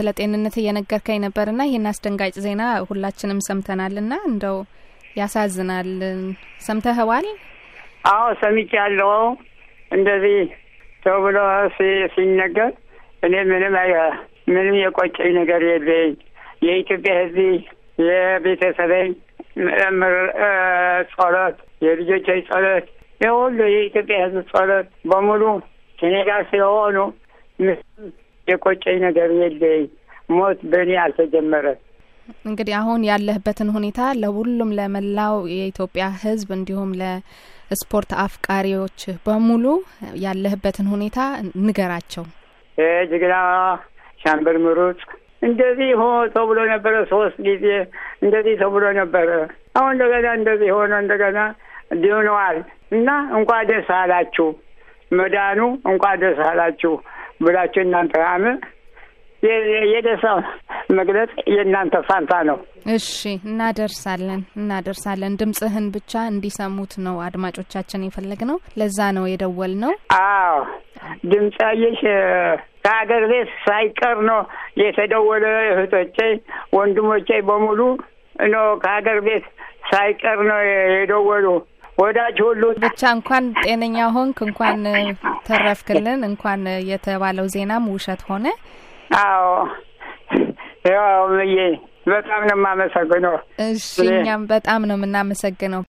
ስለ ጤንነት እየነገርከኝ ነበርና ይህን አስደንጋጭ ዜና ሁላችንም ሰምተናልና እንደው ያሳዝናል። ሰምተህዋል? አዎ ሰምቻለሁ። እንደዚህ ሰው ብሎ ሲነገር እኔ ምንም ምንም የቆጨኝ ነገር የለኝ። የኢትዮጵያ ሕዝብ የቤተሰበኝ ምርምር ጸሎት፣ የልጆቼ ጸሎት፣ የሁሉ የኢትዮጵያ ሕዝብ ጸሎት በሙሉ ከኔ ጋር ስለሆኑ የቆጨኝ ነገር የለኝ። ሞት በእኔ አልተጀመረ እንግዲህ አሁን ያለህበትን ሁኔታ ለሁሉም ለመላው የኢትዮጵያ ሕዝብ እንዲሁም ለስፖርት አፍቃሪዎች በሙሉ ያለህበትን ሁኔታ ንገራቸው። ጅግና ሻምበል ምሩጽ እንደዚህ ሆ ተብሎ ነበረ። ሶስት ጊዜ እንደዚህ ተብሎ ነበረ። አሁን እንደገና እንደዚህ ሆነ። እንደገና ድነዋል እና እንኳ ደስ አላችሁ መዳኑ እንኳ ደስ አላችሁ ብላችሁ እናንተ ም የደሳ መግለጽ የእናንተ ፋንታ ነው። እሺ እናደርሳለን እናደርሳለን። ድምጽህን ብቻ እንዲሰሙት ነው አድማጮቻችን የፈለግ ነው። ለዛ ነው የደወል ነው። አዎ ድምፅ አየሽ ከሀገር ቤት ሳይቀር ነው የተደወለ። እህቶቼ ወንድሞቼ በሙሉ ኖ ከሀገር ቤት ሳይቀር ነው የደወሉ ወዳጅ ሁሉ ብቻ እንኳን ጤነኛ ሆንክ፣ እንኳን ተረፍክልን። እንኳን የተባለው ዜናም ውሸት ሆነ። አዎ ያው ምዬ በጣም ነው የማመሰግነው። እሺ እኛም በጣም ነው የምናመሰግነው።